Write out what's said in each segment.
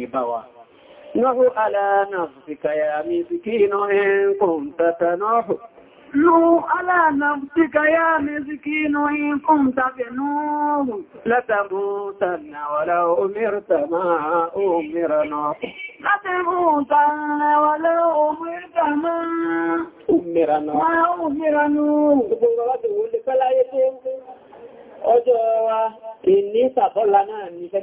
dé bá wa náà aláàánà fìkàyà mi fi kí iná ẹn kò ń tàtà náà Lú aláàmàtíkà yá mẹ́sìkínú in kún tàbí núrù látàmúta nàwàlá omírta máa omíra náà. Látàmúta nàwàlá omírta máa omíra náà. Máa omíra núrù. Gbogbo láti wọlé kọ́láyé tó ọjọ́ wa, ìní sàbọ́lá náà ní fẹ́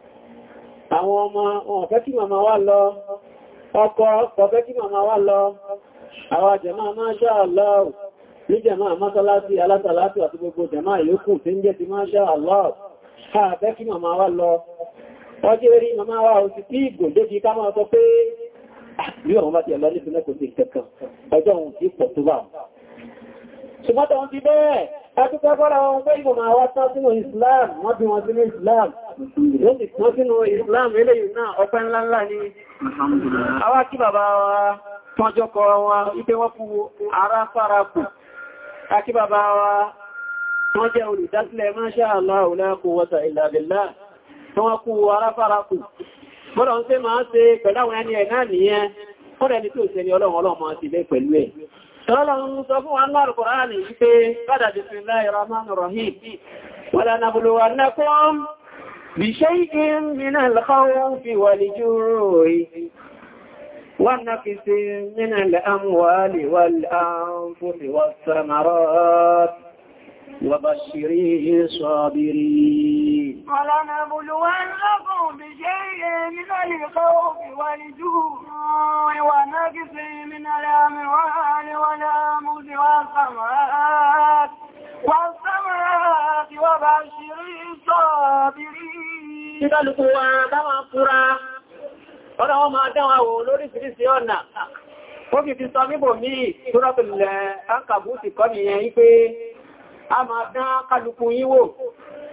àwọn ọmọ ọ̀fẹ́ kí màmá wá lọ ọkọ ọ̀fẹ́ kí màmá wá lọ àwọn jẹ̀má máa ṣá Allah ní jẹ̀má mọ́sálásí alásàlásí àti gbogbo jẹ̀má ìyókù tí ń jẹ́ ti máa ṣá Allah àfẹ́ kí màmá wá lọ ọjọ́ orí màmá wá ò sì tí ìgbòdé kí ká máa sọ pé ah, bí ọmọ bá ti ẹ̀lọ́ nípínlẹ̀ mẹ́kò sí kẹkàn ọjọ́ òun ti pọ̀ tó bá ti bẹ́ẹ̀ ẹkùnkẹ́kọ́ra wọn pé ìgbòmọ̀ àwọn sásínú Islam wọ́n bí wọn sínú Islam wọ́n ti pọ́n sínú Islam eléyìí náà ọpẹ́ ńláńlá ni àwa kí bàbá wa tọ́jọ́ kọ wa wípé wọ́n fún ara fárakù akí bàbá wa tọ́ jẹ́ olùdásílẹ̀ masha Allah la quwwata illa billah tọ́ wọ́n kú ara fárakù bọ́dọ̀ ń ṣe máa ṣe pẹ̀láwọn ẹni ẹ̀ náà nìyẹn kọ́dẹ̀ ní tí ò ṣe ni ọlọ́run ọlọ́run máa ti lẹ́ pẹ̀lú ẹ̀ Ọlọ́run náà al بشيء من الخوف والجوع ونقص من الأموال والأنفس والثمرات وبشر الصابرين ولنبلونكم بشيء من الخوف والجوع ونقص من الأموال والأنفس والثمرات والسماء bá ọ̀nà wọn máa dáwọn wò lóríṣìíríṣìí ọ̀nà. Ó fi ti sọ níbò míì tó rọ́pìlẹ̀ ti kọ́ nìyẹn wípé a máa dán kálukú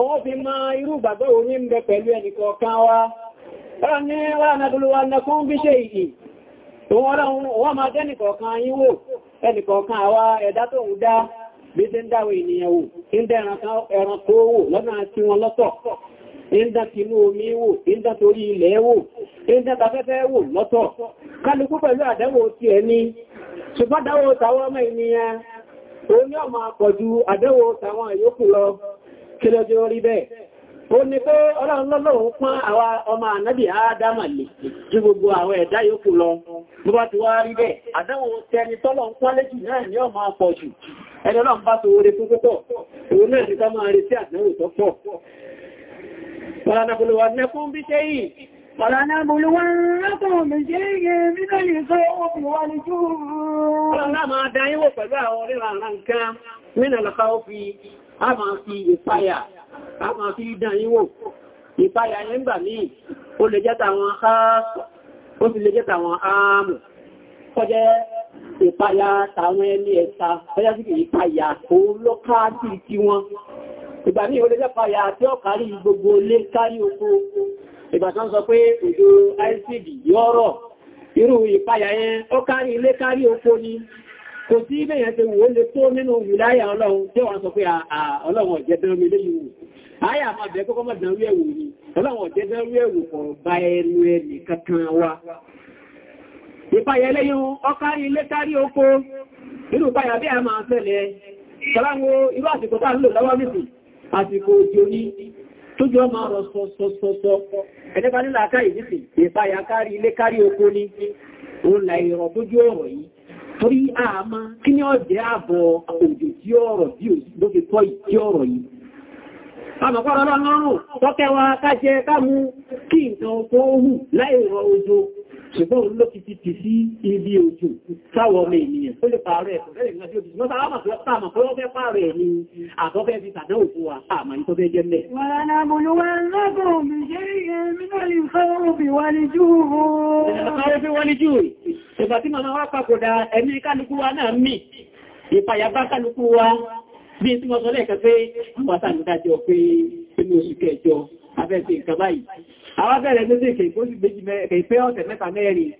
wọ́n fi máa irú ìgbàgbọ́ orí ń bẹ pẹ̀lú ẹnìkọ̀ọ̀kan wa rán ní ránàdúlúwà nẹ́kún bí ṣe ìyí tó ọ̀rọ̀ máa jẹ́ nìkọ̀ọ̀kan yín wò ẹnìkọ̀ọ̀kan àwa ẹ̀dá tó ń dá bí ṣe ń ènìyàn wò ń wò lọ́nà kí ló jẹ́ orí bẹ́ẹ̀ ó ní pé ọlọ́run pán àwa ọmọ ànábì ádámà lè ju gbogbo àwọn ẹ̀dá yòókù lọ bó bá ti wá rí bẹ́ẹ̀ àdánwò tẹni tọ́lọ̀ ń pán lẹ́jù náà ní ọmọ apọ̀ jù ẹni ọlọ́run bá so oore fún púpọ̀ òun náà ti ká máa retí àdánwò tó pọ̀ فلنبلونكم بشيء من الخوف والجوع من الخوف a máa fi ìpáyà a máa fi dán yín wò ìpáyà yẹn gbà míì ó lè jẹ́ tàwọn áàpù ó sì lè jẹ́ tàwọn áàmù kọjẹ́ ìpáyà tàwọn ẹni ẹ̀ta kọjá sí ìpáyà òun ló káàkì tí wọn ìgbà míì ó lè jẹ́ páyà tí ó kárí gbogbo lé kárí oko ìgbà tán sọ pé òjò icd yọ́rọ̀ irú ìpáyà yẹn ó kárí ilé kárí oko ni kò sí ilé yẹn ti wò lè tó nínú wìláyà ọlọ́run tí wọ́n sọ pé ọlọ́run ọ̀jẹ́ dánwí lé yìí ayà máa bẹ̀ẹ́ kọ́kọ́ mọ́ dánwí ẹ̀wò yìí ọlọ́run ọ̀jẹ́ dánwí ẹ̀wò kọ̀ bá ẹnu ẹnì kankan wa ìpayẹlẹ́ yìí ọkárí ilé kárí oko nínú ìpayà bí a máa ṣẹlẹ̀ sọ́láwọ́ irú àsìkò tá ń lò torí àmá kí ní ọ̀jẹ́ àbọ̀ òjò tí ọ̀rọ̀ bí ó ti tọ́ ìtí ọ̀rọ̀ yìí àmọ̀kọ́rọ̀ lọ́rùn tọ́kẹwàá kájẹ kámú kí nǹkan okó hù láìrọ̀ ojo ṣùgbọ́n òun ló fi ti fi sí ibi ojú sáwọ ọmọ ènìyàn tó lè pààrẹ ẹ̀kùn fẹ́rẹ̀ ìgbàjọ́ ìjọ́ mọ́ta àmà tó pààmà tó wọ́n fẹ́ pààrẹ ẹ̀mí àtọ́fẹ́ fi tàdán òkú wa pààmà ní tó fẹ́ jẹ́ mẹ́ bí tí wọ́n sọ lẹ́ẹ̀kẹ́ pé wọ́n sàmì dájọ́ pé inú oṣù kẹjọ afẹ́fẹ́ ìkàbáyìí àwọn bẹ̀rẹ̀ ló lékè kó sì gbéjì ìfẹ́ ọ̀tẹ̀ mẹ́ta mẹ́rin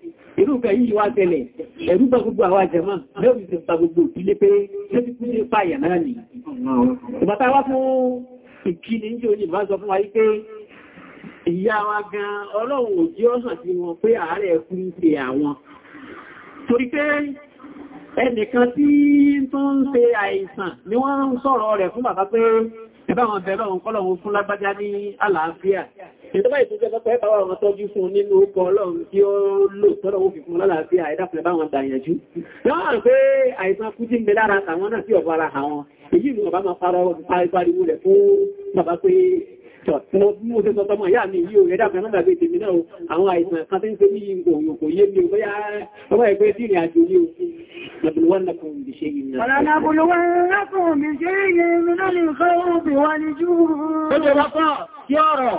irúfẹ́ yìí wá tẹ́lẹ̀ ẹ̀rú bá gbogbo àwọn àjẹmọ́ lẹ́bí ti pa gbogbo ìpínlẹ̀ pé lẹ́bí kú ní pààyà náà nì ìbátá wá fún ìkíni ní òní ìbá sọ fún wa wípé ìyá wa gan ọlọ́run ò jí ọ̀sán sí wọn pé ààrẹ ẹkú ń ṣe àwọn torí pé ẹnìkan tí tó ń ṣe àìsàn ni wọ́n ń sọ̀rọ̀ rẹ̀ fún bàbá pé ẹbá wọn bẹ̀rẹ̀ òun kọ́lọ̀ fún lágbájá ní àlàáfíà ìtọ́bá ìtúnjẹ́ pẹ́ pàwà àwọn tọ́jú fún nínú ọkọ̀ ọlọ́run tí ó lò tọ́rọ ó fi fún lálàáfíà àìdáfẹ́ báwọn dàyànjú láwọn pé àìsàn kú jí ń bẹ lára àwọn náà sí ọ̀bára àwọn èyí ni ọba máa parọ́ pariwo rẹ̀ fún bàbá pé mo ṣe sọ tọmọ ìyá mi yí o ẹ̀dá fẹ́ràn àgbé tèmi náà àwọn àìsàn kan tí ń ṣe ní ìgbòyòkò yé mi bóyá ọwọ́ ẹgbẹ́ tí ìrìn àjò ní òkú nàbùlùwọ́nàkùn ìṣe yìí náà. ọ̀nà yìí náà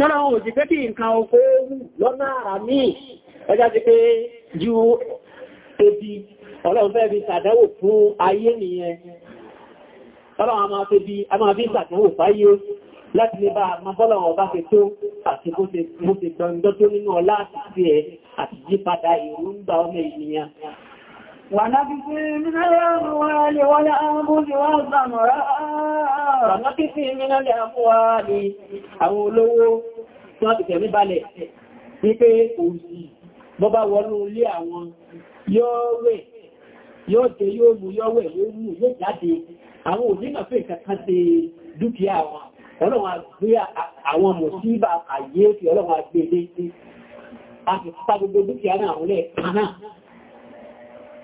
tọ́rọ àwọn òjìfẹ́ kí nǹkan oko ewu lọ́nà àrà míì ẹjá ti pé ju ebi ọlọ́run fẹ́ fi sàdánwò fún ayé nìyẹn ọlọ́run a máa fi bí a máa fi sàdánwò fáyé láti lè bá àmọ́bọ́lọ̀wọ̀ bá fi tó àti bó ti gbọ́ndọ́ tó nínú ọlá àti ونفس من الأموال والأنفس والثمرات ونفس من الأموال àwòlówó tí wọ́n ti tẹ̀mí balẹ̀ wípé òsì bọ́bá wọnú ilé àwọn yóò wẹ̀ yóò tẹ yóò mú yóò wẹ̀ yóò mú yóò jáde àwọn òdínà fẹ́ kankan ṣe dúkìá wọn ọlọ́wọ́n gbé àwọn mùsíbà àyè fi ọlọ́wọ́n gbé lé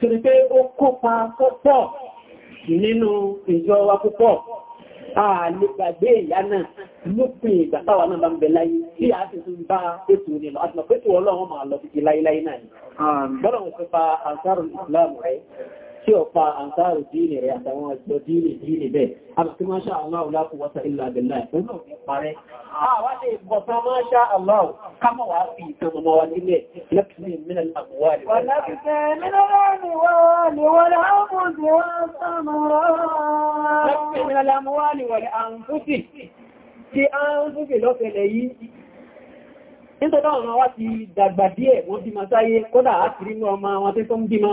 torí pé ó kópa púpọ̀ nínú ìjọ wa púpọ̀ àlègbàgbé ìyá náà lópin ìgbà táwa náà bá ń bẹ láyé tí a ti tún bá ètò nílọ àti mọ̀ pé tí ọlọ́run máa lọ sí láyé láyé náà ni. bọ́lọ̀ tí ọ̀pá àǹtàrù dínì rẹ̀ àtàwọn ẹ̀sọ́ dínì dínì bẹ́ẹ̀. Àbàtí máa ṣá Allah la quwwata illa billah ìpín náà ní parẹ́. Àwọn ilé ìgbọ̀ta máa ṣá Allah kámọ̀ wá fi ìtàn ọmọ wa nílẹ̀ lẹ́pìsì mínà àbúwà rẹ̀. Wọ́n lẹ́pìsì mínà àmúwà wọ́n àǹfúsì tí a ń fúsì lọ́fẹ̀lẹ̀ yìí. Nítorí ọ̀nà wá ti dàgbà díẹ̀ wọ́n bímọ sáyé kódà á ti rí mọ́ ọmọ wọn tó ń bímọ.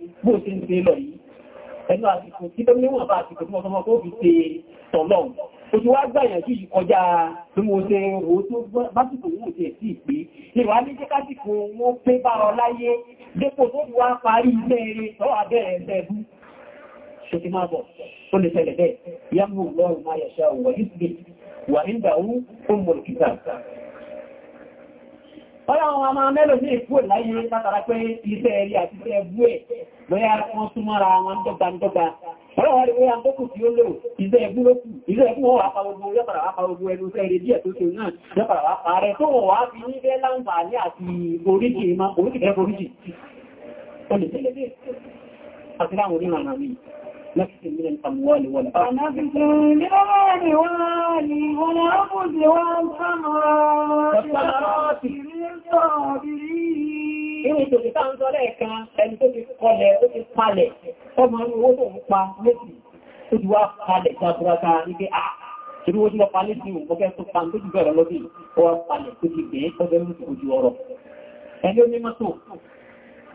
bó ti ń ṣe lọ yìí ẹnu àsìkò tí tó níwọ̀n bá àsìkò tí wọ́n sọmọ tó fi ṣe tọ̀lọ̀ o ti wá gbàyànjú yìí kọjá tó mo ṣe o tó básìkò wọ́n ti ẹ̀sí ìpé ní wà ní jẹ́kásìkò wọ́n pé bá ọ láyé dépò tó fi wá parí iṣẹ́ eré tọ́ abẹ́rẹ̀ ẹ̀ẹ́bú ṣe ti máa bọ̀ ó lè ṣẹlẹ̀ bẹ́ẹ̀ yàmù lọ́rùn máa yẹ̀ṣà wọ̀ Ọlọ́run a máa mẹ́lò ní ìkú ìláyé látara pé iṣẹ́ ẹ̀rí àti iṣẹ́ ẹbú ẹ̀ lọ́yá wọn súnmọ́ra wọn dọ́gbandọ́gba. Ọlọ́run rí wọ́n tó kù tí ó lò iṣẹ́ ẹbú ló kù, iṣẹ́ ẹbú wọ́n wà pa gbogbo yọ́pàdà wà pa gbogbo ẹnu iṣẹ́ ẹ̀rẹ́ díẹ̀ tó ṣe náà yọ́pàdà wà pa rẹ̀ tó wọ́n wá fi ní bẹ́ نفس من الأموال والأرض ونفس من الأموال والأرض والثمرات للصابرين Inú ìtòsí tá ń sọ lẹ́ẹ̀kan ẹni tó ti kọlẹ̀ ó ti palẹ̀, ọmọ inú owó tó ń pa méjì tó ti wá palẹ̀ jàbúrátà ní pé àà ah, tí ó ti lọ palẹ̀ sí òun kọ́kẹ́ tó pa ń tó jù bẹ̀rẹ̀ lọ́bí, ó wá palẹ̀ tó ti bẹ̀ẹ́ tọ́jẹ́ mú ti ojú ọrọ̀. Ẹni ó ní mọ́tò,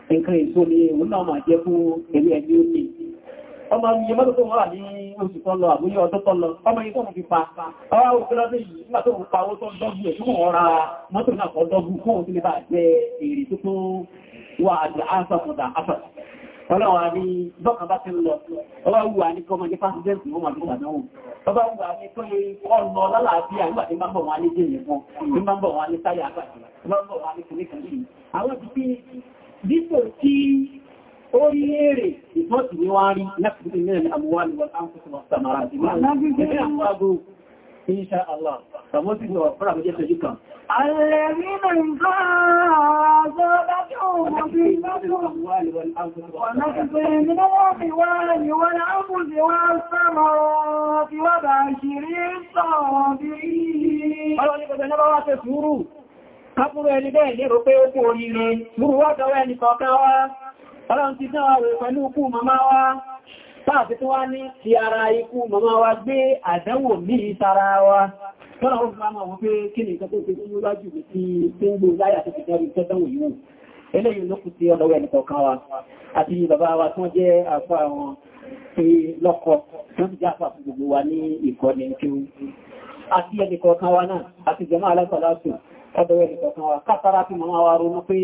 nǹkan èso ni òun náà máa jẹ́ fún ẹni ẹni ó ní ọmọ iye mọ́tò tó wà ní oṣù tó lọ àbúyé ọdún tó lọ ọmọ iye tó mú fi pa ọwá òkúrọ́dé yìí nígbà tó pa owó dọ́gbù ẹ̀ fún ọ̀rá mọ́tò náà kọ́ dọ́gbù fún òun tó lè bá jẹ èrè tó tó wà àti àṣàkùdà àṣàkùdà orí èrè ìtọ́sí ní wá rí lẹ́kùnrin mẹ́rin àmúwàlì wọn áńkùsùn ọ̀sàmàrà àti máa ní àmúwàgbò inṣà Allah tàbí sí ìwà fúnra mẹ́jẹ́ tẹ́jú kan. Alẹ́rìnà nǹkan ààzọ́ dájú ọmọ bí lọ́pọ̀ ọ̀nà ìpẹ̀ nínú wọ́n fi wá ní wọ́n áńkùsùn wá sámọ̀ ti wá bá ṣìrí sọ̀rọ̀ bí i. Ọlọ́ni gbogbo ẹ̀nà wá fẹ́ sùúrù, kápúrú ẹni bẹ́ẹ̀ lérò pé ó kú oríire, múrù wá ọlọ́run ti dán ààrẹ pẹ̀lú ikú màmá wa táàfi tó wá ní ti ara ikú màmá wa gbé àdánwò ní ìtara wa tọ́lá ó máa wọ́n pé kí ni ìkẹ́kọ́ tó tó lọ́jù tí tí ń gbò láyà tó ti jẹ́ ìtẹ́dánwò yìí eléyìí ló kù sí ọlọ́wẹ́ ẹnìkọ̀ọ̀kan wa àti bàbá wa tó jẹ́ àfà wọn pé lọ́kọ̀ tó ti wa ní ẹnìkọ̀ọ̀kan wa náà àti jẹ́mọ́ aláfàlásù ọdọ̀wẹ́ ẹnìkọ̀ọ̀kan wa kátàrà fi màmá wa ronú pé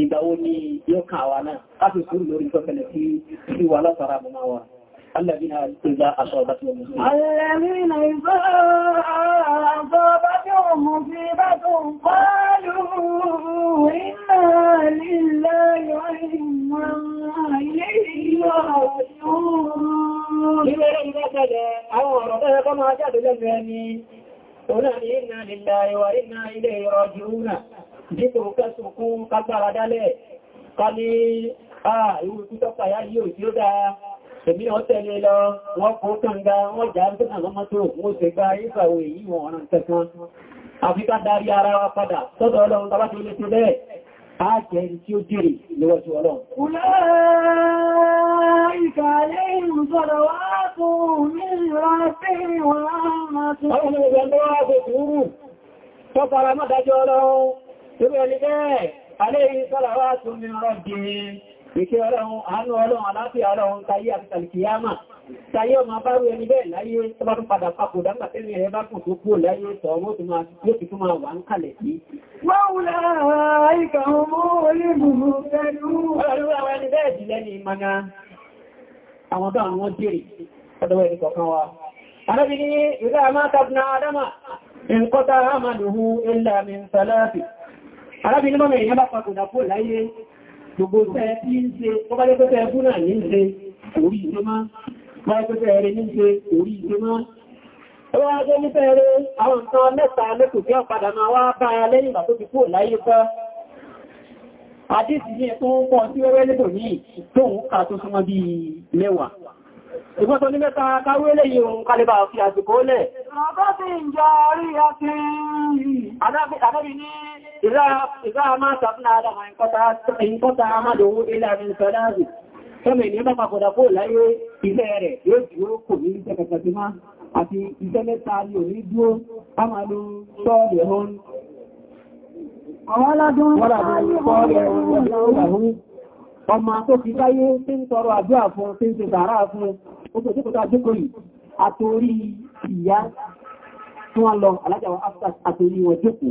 ìgbàwó ni yóò kàn àwa náà láti sùúrù lórí ìfẹ́fẹ́lẹ̀ sí sí wa látara mọ́ wa الذين إذا أصابتهم الذين إذا أصابتهم مصيبة قالوا إنا لله وإنا إليه راجعون إذا إذا أو رضي كما جاءت للفهم قلنا إنا لله وإنا إليه راجعون dípò kẹsùn kún kágbára dálẹ̀ ká ní ìwé pítọ́ fàyá yóò tí ó dáa èmi wọ́n tẹ́lẹ̀ e lọ wọ́n kó kànga wọ́n jà ń tẹ́nà lọ́mọ́tò wọ́n ṣe gba ìfàwò èyí wọn ọ̀nà tẹ́kan àfíká darí ara wa padà sọ́dọ̀ ọlọ́run tàbá ti lè ṣe bẹ́ẹ̀ ààjẹ́ tí ó dìrì níwọ́jú ọlọ́run Ọlọ́run ìgbẹ̀ndọ́wọ́ Irú ẹni bẹ́ẹ̀, alẹ́ yìí sọ́lá wá tún ní ọ̀rọ̀ jìnrin, ìkẹ́ ọlọ́run, àánú ọlọ́run, aláfíà ọlọ́run, tayé àti tàlìkìyàmà, tayé ọmọ bárú ẹni bẹ́ẹ̀ láyé tó bá tún padà papò dágbà tẹ́lẹ̀ ẹ bá kùn tó kúrò láyé tọ́ ọmọ tó máa yóò fi tún máa wà ń kalẹ̀ sí. Máwùlá ìkà ọmọ orí mùmù pẹ̀lú. Ọlọ́run àwọn ẹni bẹ́ẹ̀ jì lẹ́ni ìmọ̀nà àwọn tó àwọn jèrè ọdọ́wọ́ ẹni arábìnrin mọ́mọ̀ èèyàn bá pàkùdà fò láyé gbogbo tẹ́ tí ń se, tó bá lẹ́gbẹ́tẹ́ ẹkú náà ní ṣe orí ìṣe máa bá lẹ́gbẹ́tẹ́ ẹrẹ ní ṣe orí ìṣe máa ẹwà ajẹ́ ní fẹ́ẹ̀rẹ́ àwọn nǹkan mẹ́ta lẹ́kù tí ọ̀padà máa wá bá a lẹ́yìn ìgbà tó ti kúrò láyé pẹ́ àdíṣì ní ẹ̀kọ́ ń pọ̀ sí wẹ́wẹ́ lẹ́tò ní tóun ká tó súnmọ́ bí mẹ́wàá ìgbọ́n tó ní mẹ́ta káwé lẹ́yìn ohun kalẹ́bà fi àsìkò lẹ̀ إذا مات ابن آدم انقطع عمله إلا من ثلاث Tọ́mì ní bàbá kọ̀dà kó láyé ilẹ̀ rẹ̀ yóò dúró kò ní iṣẹ́ kẹkẹtì máa àti iṣẹ́ mẹ́ta ní òní dúró, a máa ló sọ́ọ̀lẹ̀ hàn. Àwọn aládùn sọ́ọ̀lẹ̀ hàn ọmọ tó fi báyé tí ń tọrọ àdúrà fún tí ń ṣe sàárà fún òṣèṣẹ́kọ̀ta jókòrì àtorí ìyá tí wọ́n lọ alájàwọ̀ àtorí wọn jókòó.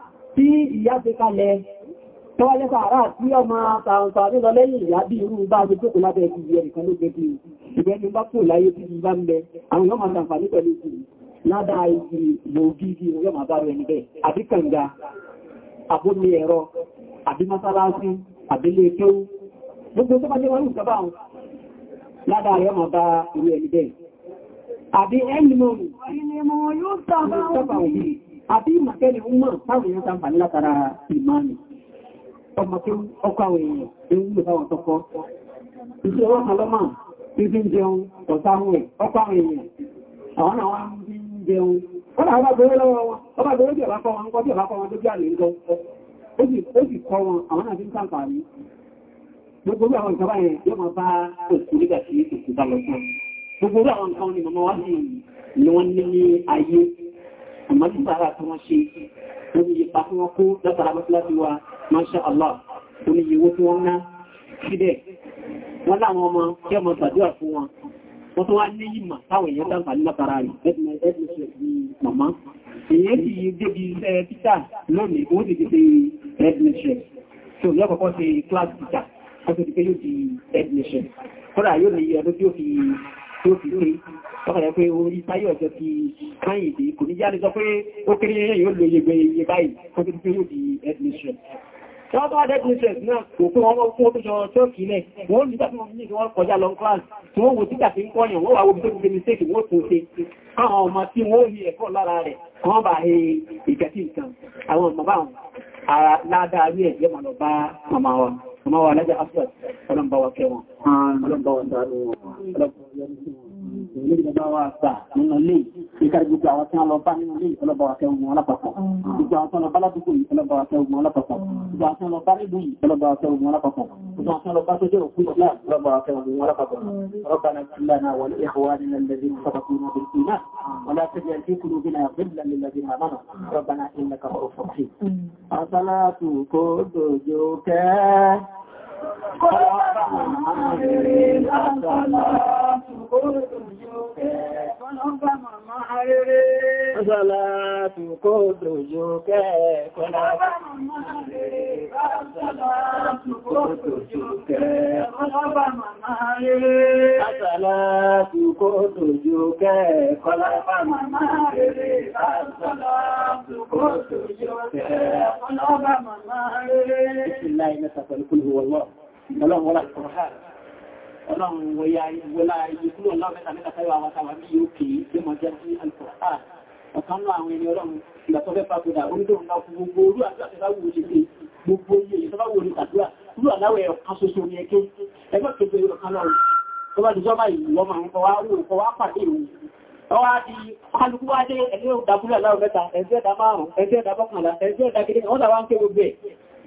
bí ìyá ti kalẹ̀ tọ́wọ́lẹ́sà ará tí ọmọ àtàǹtà nílọ lẹ́yìn ìyá bí irú bá ti tókù lábẹ́ ti ìyẹ̀ nìkan ló gẹ́gẹ́ ìgbẹ́ ni bá kò láyé tí ìbá ń bẹ àwọn yọ́mà sàǹfàní pẹ̀lú ìsìn ládá ìgbì lògígì yọ́mà bá rẹ̀ níbẹ̀ àbí kànga àbómi ẹ̀rọ àbí mọ́sálásí àbílé tó gbogbo tó bá jẹ́ wọn nǹkan báwọn ládá yọ́mà bá irú ẹni bẹ́ẹ̀ àbí ẹni mọ́rùn-ún àbí ìmọ̀kẹ́lẹ̀ ń mọ̀ táwọn èèyàn sáǹfà ní látara ìmáàmì ọmọ kí ọkọ̀ àwọn èèyàn tí ń lè fáwọn tọ́kọ́ iṣẹ́ wọ́n kan lọ́mà tí fi ń jẹun ọ̀sáhùn ẹ̀ ọkọ̀ àwọn èèyàn àwọn àwọn ń jẹun wọ́n àwọn abẹ́rẹ́ lọ́wọ́ wọn ọba abẹ́rẹ́ jẹ̀ bá kọ́ wọn kọ́ jẹ̀ bá kọ́ wọn tó bí àlè ń lọ ó sì kọ́ wọn àwọn àti ń sáǹfà ní gbogbo àwọn ìjọba yẹn yóò máa bá òkú nígbà tí òkú bá lọ sí gbogbo àwọn nǹkan ni màmá wá sí ni wọ́n ní ayé amma duk ba ta wọn ṣe wọ́n yí pa fún wọn Allah wọ́n yí wó tí wọ́n ná síbẹ̀ wọ́n láwọn ọmọ kí ọmọ gbàdúrà fún wọn wọ́n tó wá ní ìmọ̀ táwọn èèyàn dáǹfà ní látara rẹ̀ èyàn ti yí débi iṣẹ́ títà lónìí wọ́n ti ti ṣe admission so yọ́ kọ̀kọ́ class títà ọjọ́ ti pé yóò di admission kọ́dà yóò ní ọdún tí fi pé ọkọ̀rẹ́ pé orí táyé ọjọ́ ti káyìdé kò ní jáde sọ pé ó kéré yẹn yóò lo yẹgbẹ iye báyìí kó tó pé yóò náà kò fún ọmọ fún ọdún ṣọ́ọ̀kì ilẹ̀ wọ́n ní tàbí wọ́n ní wọ́n kọjá long class tí wọ́n wò títà fi ń kọ́yàn wọ́n wà wọ́n tó fi mistake wọ́n tó ṣe káwọn ọmọ tí wọ́n ní ẹ̀kọ́ lára rẹ̀ kan bá he ìkẹtì nǹkan àwọn ọmọ báwọn ládáa ní ẹ̀yẹ́ mọ̀ lọ bá ọmọ wọn ọmọ wà lẹ́jẹ̀ aswẹ̀ ọlọ́mbà wa kẹwọn ọlọ́mbà wa sáà ilé ìjọba wa gbà nínú ilé ìka gbogbo àwọn tí wọ́n lọ bá nínú ilé ìfọlọ́bà wa kẹwùn wọn lápapọ̀ gbogbo àwọn tí wọ́n lọ bá ládùúgbò ìfọlọ́bà wa kẹwùn wọn lápapọ̀ gbogbo àwọn tí wọ́n lọ bá nílùú ìfọlọ́bà wa kẹwùn wọn lápapọ̀ gbogbo àwọn tí wọ́n lọ bá sójú òkú náà ìfọlọ́bà wa kẹwùn wọn lápapọ̀ ربنا اغفر لنا ولاخواننا الذين سبقونا بالايمان ولا تجعل في قلوبنا غلا للذين امنوا ربنا انك رؤوف رحيم اصلاتك تجوك Sọ́látù kó dòjò kẹ́ẹ̀kọ́ lábá màmá rere, sọ́látù kó dòjò kẹ́ẹ̀kọ́ lábá màmá rere, sọ́látù kó dòjò kẹ́ẹ̀kọ́ lábá màmá rere, sọ́látù kó dòjò kẹ́ẹ̀kọ́ lábá màmá rere. Bismillah, ọlọ́run wọ́lá ìkọ̀ọ̀há ọlọ́run wọ́lá ìyẹ̀kúrò ọlọ́run mẹ́ta mẹ́ta fẹ́ wà wọ́n tàbí bí ó kèé tí ó mọ̀ jẹ́ sí alìkọ̀ọ̀há ọ̀kan náà àwọn ẹni ọlọ́run ìgbà tó fẹ́ pàkódà orílẹ̀ òun náà gbogbo orú àti àtẹ́láwò ṣe pé gbogbo iye ìtọ́láwò orí àdúrà irú àláwẹ̀ ọ̀kan ṣoṣo ní ẹkẹ́ ẹgbẹ́ kẹfẹ́ di sọ́bà yìí wọ́n máa ń kọwá rò kọwá pàdé ìròyìn ọwá di kálukú wá dé ẹgbẹ́ òdàbúrò aláwọ̀ mẹ́ta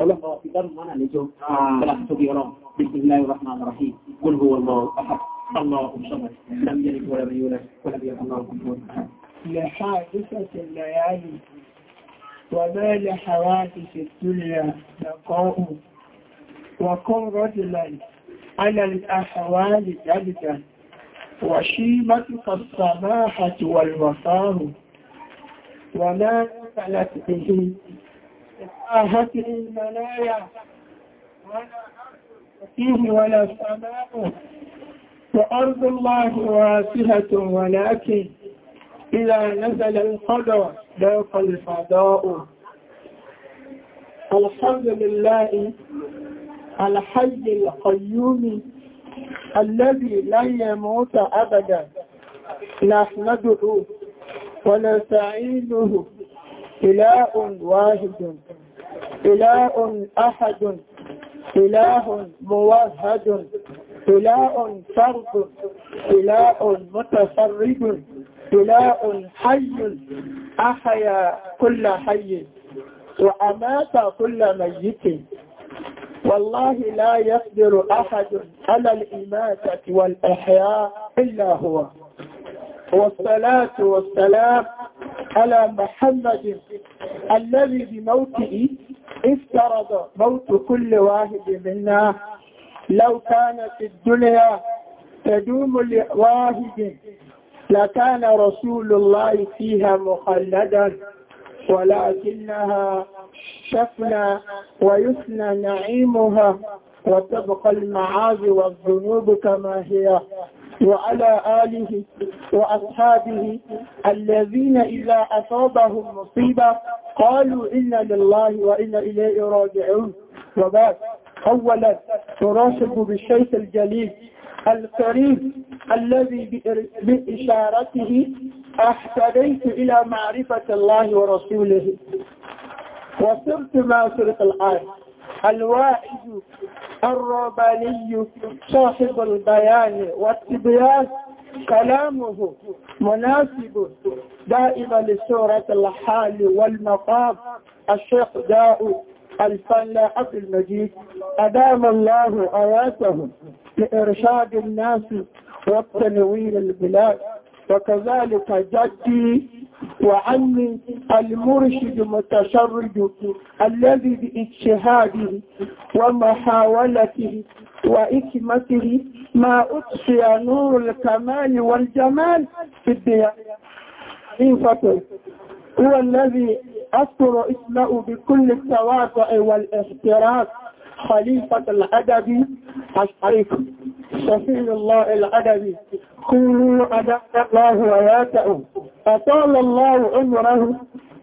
آه. بسم الله الرحمن الرحيم قل هو الله أحد الله أمشمت لم يلك ولا من يولد ولا بيه الله أمشمت لحادثة الليالي وما لحوادث الدنيا لقاء وكن رجلا على الأحوال جلدا وشيمتك الصباحة والوصار وما نزلت به آهة المنايا ولا فيه ولا سماء فأرض الله واسعة ولكن إذا نزل القدر ضاق الفضاء الحمد لله الحي القيوم الذي لا يموت أبدا نحمده ونستعينه إله واحد إله أحد إله موحد إله فرد إله متفرد إله حي أحيا كل حي وأمات كل ميت والله لا يقدر أحد على الإماتة والإحياء إلا هو والصلاة والسلام على محمد الذي بموته افترض موت كل واحد منا لو كانت الدنيا تدوم لواحد لكان رسول الله فيها مخلدا ولكنها شفنا ويثنى نعيمها وتبقى المعاذ والذنوب كما هي وعلى آله وأصحابه الذين إذا أصابهم مصيبة قالوا إنا لله وإنا إليه راجعون وبعد أولا تراسب بالشيخ الجليل الكريم الذي بإشارته احتديت إلى معرفة الله ورسوله وصرت ما صرت الآن الواعد الرباني صاحب البيان والتبيان كلامه مناسب دائما لسورة الحال والمقام الشيخ داء الفلا عبد المجيد أدام الله آياته لإرشاد الناس والتنوير البلاد وكذلك جدي وعني المرشد المتشرد الذي باجتهاده ومحاولته وإكمته ما أطفي نور الكمال والجمال في الديار هو الذي أذكر اسمه بكل التواضع والاحتراف خليفة العدبي الشريف سفير الله العدبي كونوا أدق الله آياته أطال الله عمره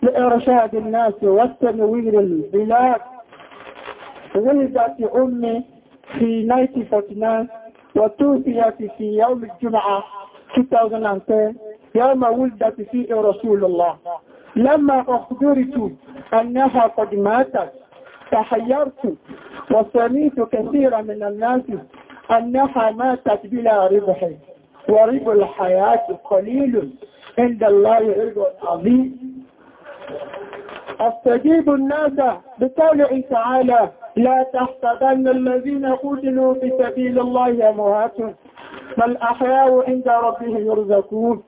لإرشاد الناس والتنوير البلاد ولدت أمي في 1949 وتوفيت في يوم الجمعة 2010 يوم ولدت فيه رسول الله لما أخبرت أنها قد ماتت تحيرت وسمعت كثيرا من الناس أنها ماتت بلا ربح ورب الحياة قليل عند الله رب عظيم استجيب الناس بقوله تعالى لا تحسبن الذين قتلوا في سبيل الله اموات بل احياء عند ربهم يرزقون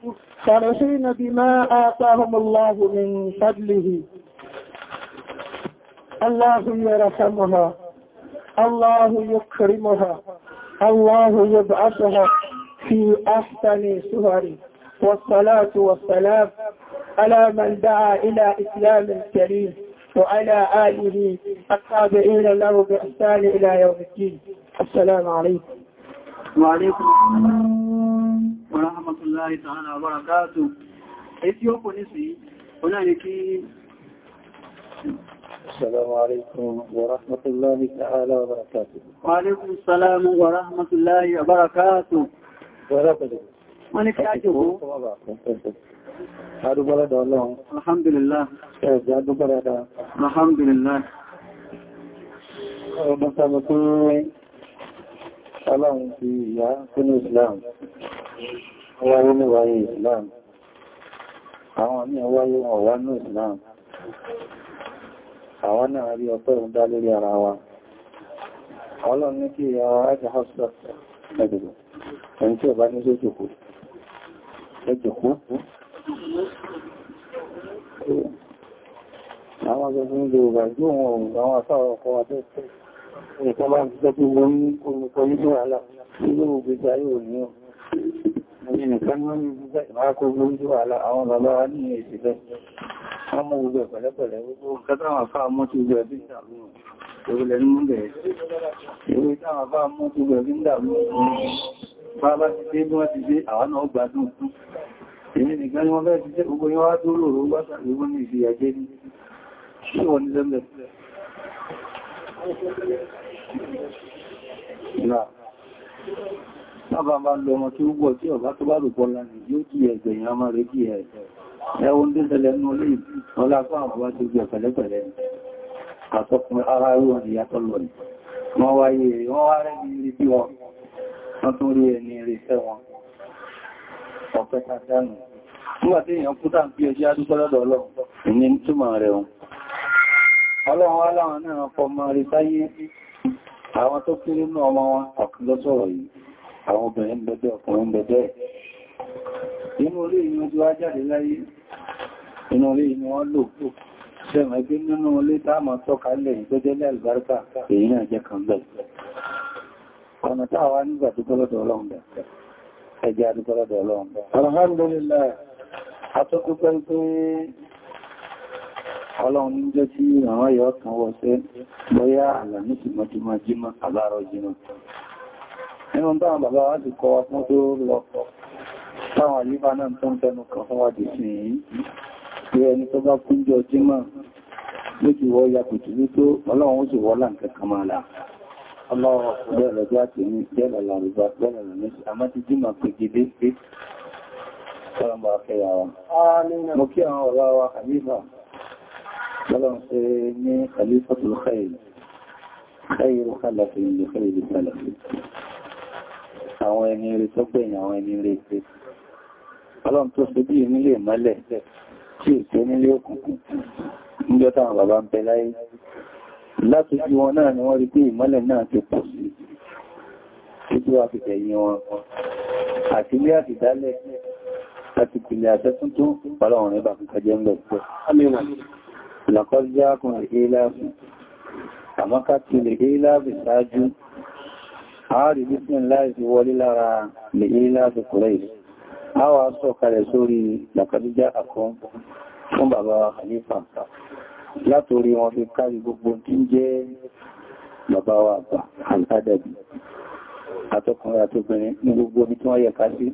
فرحين بما آتاهم الله من فضله الله يرحمها الله يكرمها الله يبعثها في أحسن سهري والصلاة والسلام على من دعا إلى إسلام الكريم وعلى آله التابعين له بإحسان إلى يوم الدين السلام عليكم وعليكم ورحمة الله تعالى وبركاته إثيوب نسي هناك السلام عليكم ورحمة الله تعالى وبركاته وعليكم السلام ورحمة الله وبركاته wọ́n ní kí á jòkó adúgbọ́lọ́dọ̀ ọlọ́run alhamdulillah ẹ̀jẹ̀ adúgbọ́lọ́dọ̀ alhamdulillah ọgbọ́n sábọ̀ tó ọlọ́run ti ìyá sínú islam wáyé ní wáyé islam àwọn ní wáyé wọn wá ní islam àwọn náà rí ọpẹ́ òun dá lórí ara wa ọlọ́run ní kí ìyá wa hospital ẹni ọba ní sójòkó ẹjòkó àwọn ọjọ́gbọ́n ní yorùbá yóò òun àwọn àtàwọn ọkọ̀ àtẹ́ẹ̀tẹ́ ìkan bá ń ti tẹ́kí wọ́n ní olùkọ́ nínú àlà nínú ògbèjà yóò ní ọ̀ ẹni nìkan ní ìmákógó mú ti bẹ̀rẹ̀ ìwé táwọn afáà bàbá ti dé bí wọ́n ti dé àwọn náà gbádùn èmi nìkan ni wọ́n bẹ́ẹ̀ ti jẹ́ gbogbo yín wá tó lòrò ń gbásà ìwọ ní ìfìyà jẹ́ ní ṣí wọ́n ní lẹ́mẹ̀ Bàbá bá lọ ọmọ tí ó gbọ́ tí ọ̀bá tó bá rò pọ́lá ní yóò kí ẹgbẹ̀yìn ọmọ rẹ̀ ní olè ọlá wọ́n tó rí ẹni rí sẹ́wọ̀n ọ̀pẹ́ kàtàánù nígbàtí èèyàn kú tàbí ẹjẹ́ adúgbọ́lọ́dọ̀ ọlọ́run ìní túnmà rẹ̀ wọn ọlọ́run wá láwọn náà fọ́ máa rí táyé àwọn tó kéré náà ọmọ wọn ọ̀kìlọ́sọ̀rọ̀ yìí àwọn obìnrin bẹ̀bẹ̀ ọkùnrin bẹ̀bẹ̀ inú orí ìyẹn ojú wá jáde láyé inú orí ìyẹn wọ́n lò sẹ́mọ̀ ẹgbẹ́ nínú ilé táàmà tọ́kalẹ̀ ìgbẹ́jẹ́lẹ̀ ọ̀nà táwà nígbà tó kọ́lọ́dọ̀ ọlọ́run bẹ̀ ẹjẹ́ adúkọ́lọ́dọ̀ ọlọ́run bẹ̀ alhamdulillah atọ́kúpẹ́ pé ọlọ́run ní jẹ́ tí àwọn yọ kan wọ́ sí bóyá àlàmísì mọ́tímọ́jímọ́ àbárọ̀ jìnà nínú táwọn bàbá wá ti kọ́ fún tó lọ táwọn àlífà náà tó ń tẹnu kan fún wádìí sí yìí pé ẹni tó bá kúnjọ jímọ̀ lójú wọ́ ya kùtù tó ọlọ́run ó sì wọ́lá nǹkan kan máa láà Ọlọ́run ọ̀pọ̀lẹ́ ọ̀lọ́gbà tí ní jẹ́lẹ̀ lọ́rùgbà pẹ́lẹ̀ lọ́nà àmá ti jí máa pèjì dé pé sọ́rọ̀mọ̀ akẹ́yà wa. àwọn Khalifa, lọ́lọ́run ṣe ní Khalifa tó khair, khairu khalafi ní khairi khalafi. ẹni rí tó gbẹ̀yìn àwọn ẹni rí pé. Ọlọ́run tó ṣe bí nílé mọ́lẹ̀ tí ò tẹ́ nílé òkùnkùn, níjọ́ táwọn bàbá ń bẹ láyé láti jí wọn náà ni wọ́n rí pé ìmọ́lẹ̀ náà ti pọ̀ sí títí wà fi tẹ̀yìn wọn àti ilé àti dálẹ̀ àti ìpìlẹ̀ àṣẹ tuntun pàlọ̀ ọ̀rẹ́ bà fi kẹjẹ ń bẹ̀ pẹ̀ lọ́kọ́já kan èéláàfì àmọ́ká ti lè èéláàfì ṣáájú àárí bísìn láìsí wọlé lára látorí wọn fi kárí gbogbo tí ń jẹ́ bàbá wa àgbà àtàdàbí àtọkùnrin àtọkùnrin ní gbogbo omi tí wọ́n yẹ ká sí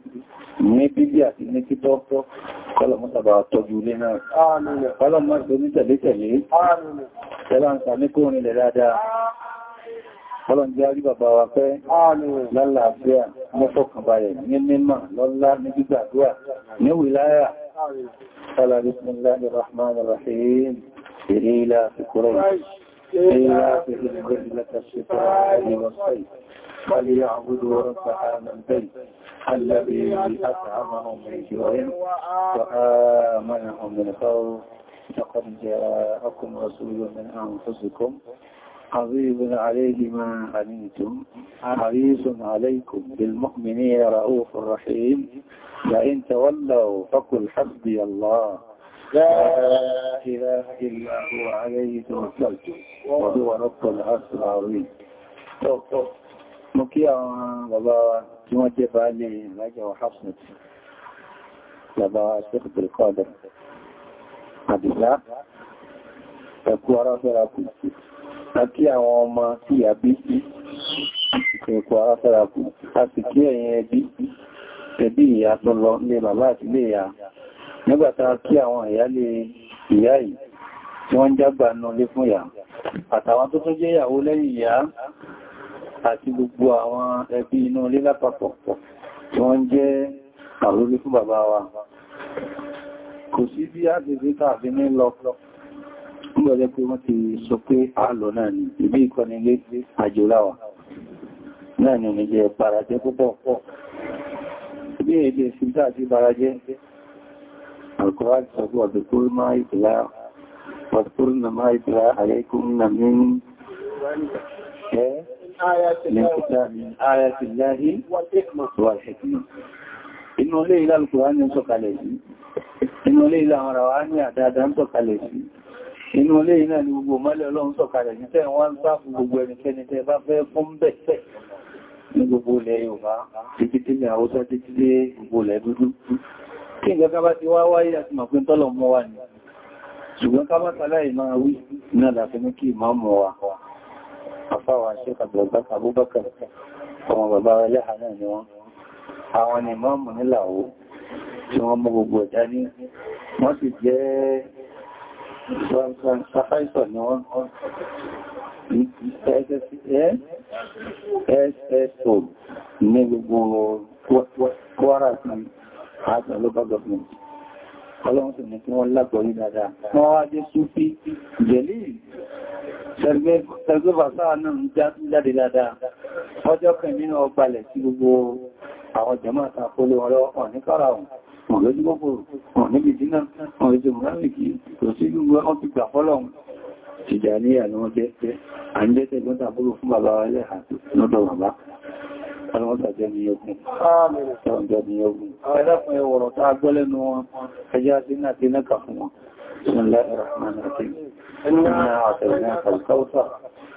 ní bíbí àti ní títọ́ kọlọ̀mọ́sàbà tọ́jú ilé náà kọlọ̀mọ́sàbà ní tẹ̀lé-tẹ̀lé tẹ́lá ń sàmí kó nílẹ̀ dáadáa kọlọ̀njẹ́ àrí bàbá wa pẹ́ lálàáfíà mọ́fọ́kànbalẹ̀ ní mímọ̀ lọ́lá ní gbígbàdúrà ní wìláyà لإيلاف قريش إيلافهم رحلة الشتاء والصيف فليعبدوا رب هذا البيت الذي أطعمهم من جوع وآمنهم من خوف لقد جاءكم رسول من أنفسكم عظيم عليه ما علمتم حريص عليكم بالمؤمنين رؤوف رحيم لئن تولوا فقل حسبي الله لا إله إلا هو عليه توكلت وهو رب العرش العظيم mo kí àwọn bàbá wa tí wọ́n jẹ́ bá lè lájẹ́ wa hapsnet bàbá wa sheikh bilkọ́dẹ̀ àdìsá ẹ̀kú ara fẹ́ra kù a kí àwọn ọmọ tí a bí ẹ̀kú ara fẹ́ra kù a sì kí ẹ̀yìn ẹbí ẹbí ìyá tó lọ ní bàbá àti ilé ìyá nígbàtà kí àwọn ìyálé ìyá yìí tí wọ́n jágbà nọlé fún ìyá àtàwọn tó tún jẹ́ ìyàwó lẹ́yìn ìyá àti gbogbo àwọn ẹbí inú ilé lápapọ̀ tí wọ́n jẹ́ àlólé fún bàbá wa kò sí bí a ti rí tàbí ní lọ nígbàjẹ́ pé wọ́n ti sọ pé àlọ́ náà ni ìbí ìkọ́ni lé jẹ́ barajẹ́ القرآن سبوة بكل ما يتلا واذكرن ما يتلا عليكم من من كتاب من آيات الله والحكمة إنه ليه إلى القرآن ينسق عليه إنه ليه إلى مروان يعداد ينسق عليه inú ilé iná ni gbogbo mọ́lẹ̀ ọlọ́run sọ̀kalẹ̀ ní tẹ́ wọ́n ń sá fún gbogbo ẹnikẹ́ni tẹ́ bá fẹ́ fún bẹ̀ẹ̀ ní gbogbo ilẹ̀ Yorùbá títí tí ní àwọ́sá títí dé gbogbo ilẹ̀ dúdú kí nǹkan bá ti wá wáyé àti màfin tọ́lọ̀ mọ́ wà ní ṣùgbọ́n ká bá tàlá ìmá wí ní àdàfẹ́ ní kí ìmá mọ́ wa àfáwà ṣe kàbùbákà àwọn bàbá ẹlẹ́hà náà ni wọ́n àwọn ni mọ́ mọ̀ níláwó tí wọ́n mọ́ gbogbo ẹ̀dá ní wọ́n sì jẹ́ sáfáìsọ̀ ní gbogbo kwara àgbà local government ọlọ́run sì ní kí wọ́n lágbọ̀ yí dáadáa wọ́n wá jẹ́ súfí jẹ̀lì ṣẹgbẹ́fàṣáà náà ń jáde dáadáa ọjọ́ kan nínú ọgbàlẹ̀ sí gbogbo àwọn jẹ́mọ́ àtàkólé ọ̀rọ̀ ọ̀ní kọ́ràùn ọ̀lójú gbogbo ọ̀ní bìdínà ọ̀rẹ́jọ mùráwìkì kò sí gbogbo ọ́n ti gbà fọ́lọ̀un Tìjàníyà ni wọ́n jẹ́ pé Ọlọ́mọ́sàjẹ́ ni ogun. Ọlọ́mọ́sàjẹ́ ni ogun. Ẹlẹ́kùn ẹwọ̀rọ̀ tá a gbọ́ lẹ́nu wọn, ẹjá sí náà ti náà kà fún wọn. بسم الله الرحمن الرحيم. إنا أعطيناك الكوثر.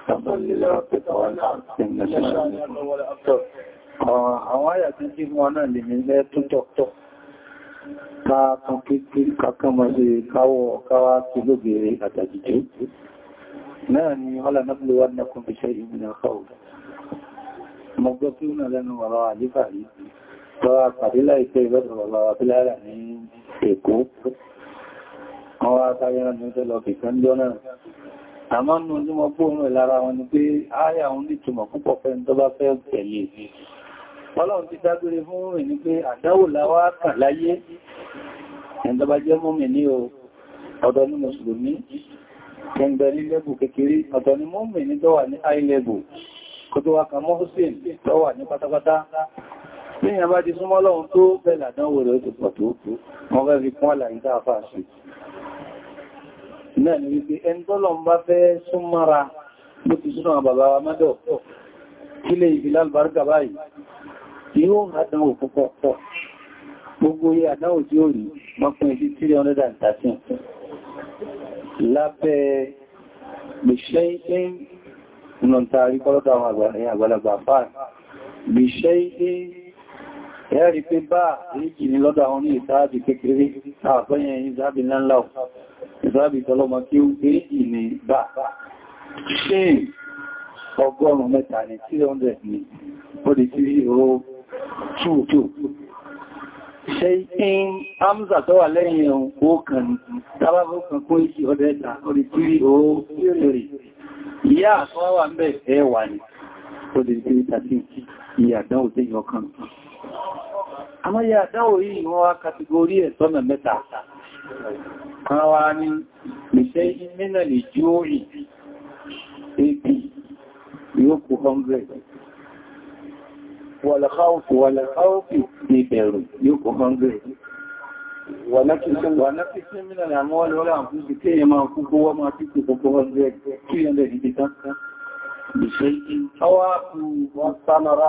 فضل لربك والعبد إن شأنك هو الأبتر. àwọn àyà tí kí wọn náà lè mi lẹ́ tó tọ́tọ́ ká tán kí kí kàkàmọ́ sí káwọ̀ káwà tí ló bèèrè àtàjìjẹ́ náà ni ọlá náà lè wá náà kún fi ṣe ìmìnà káwọ̀ mo gbọ́ kí ó náà lẹ́nu ọ̀rọ̀ àlífà rí lọ́wọ́ pàdé láìpẹ́ ìlọ́dọ̀ ọ̀rọ̀ àpílára ní Èkó wọ́n wá sáré rán ní tẹ́lọ kìkan jọ náà àmọ́ nù tí mo gbọ́ òun lára wọn ni pé áyà òun ní túmọ̀ púpọ̀ fẹ́ tó bá fẹ́ tẹ̀lé Ọlọ́run ti dágbére fún rìn ní pé àdáwò láwá kà láyé ẹni tó bá jẹ́ mọ́mì ní ọ̀dọ̀ ní mùsùlùmí kẹ́ńdẹ̀ lílẹ́bù kékeré ọ̀dọ̀ ní mọ́mì ní tó ní high level kò tó wá kan mọ́sílẹ̀ tó wà ní pátápátá ní ìyàbá ti súnmọ́ lọ́run tó bẹ̀lẹ̀ àdánwò rẹ̀ ti pọ̀ tó kú wọ́n fẹ́ fi kún àlàyé tá a fà ṣe náà ni wípé ẹni tọ́lọ̀ ń bá fẹ́ súnmọ́ra ló ti súnmọ́ bàbá wa mọ́dọ̀ kí lè ìbílá albarka báyìí yóò àdánwò púpọ̀ pọ̀ gbogbo iye àdánwò tí ó rí mọ́kún ibi 313 lábẹ́ gbèṣẹ́ nínú tààrí kọ́lọ́dọ̀ àwọn àgbàlagbà fáà bí ṣe ẹ̀rí pé bá èjì ní lọ́dọ̀ àwọn ní ìsáàbì kékeré àpẹ́yẹn ìsáàbì ńláńlá ìsáàbì tọ́lọ́mọ kí ó èjì ní bá ṣe ọgọ́rùn-ún mẹ́ta ní 300 ní ó di 3022 ṣe in amza tó wà lẹ́yìn ohun kó kàn tábàbọ́ kan kún ìjì ọdẹ́ta ó di 3023 ìyá àtọwà ń bẹ̀ ẹ̀wà ni ó lè gbé tàbí ìyà àdánwò tí yọ kan tán àmọ́ ìyà àdánwò yìí wọ́n wá kàtìgórí ẹ̀ sọ́nà mẹ́ta kan wá ní ìṣẹ́ mẹ́nà lè jú orí ap yóò 100 wọ̀lẹ̀káwùkù wọ̀lẹ̀káwùkù ìbẹ̀rù yóò 100 wànáfíṣẹ́ mílẹ̀ ni àmọ́ lọ́rọ̀ àfúnṣe kí èyàn máa kú gbówọ́ máa tí kò kò kọ́wọ́ sí ẹgbẹ́ 300 ìdí tánkà ìṣẹ́ àwọ́ àwọn sánára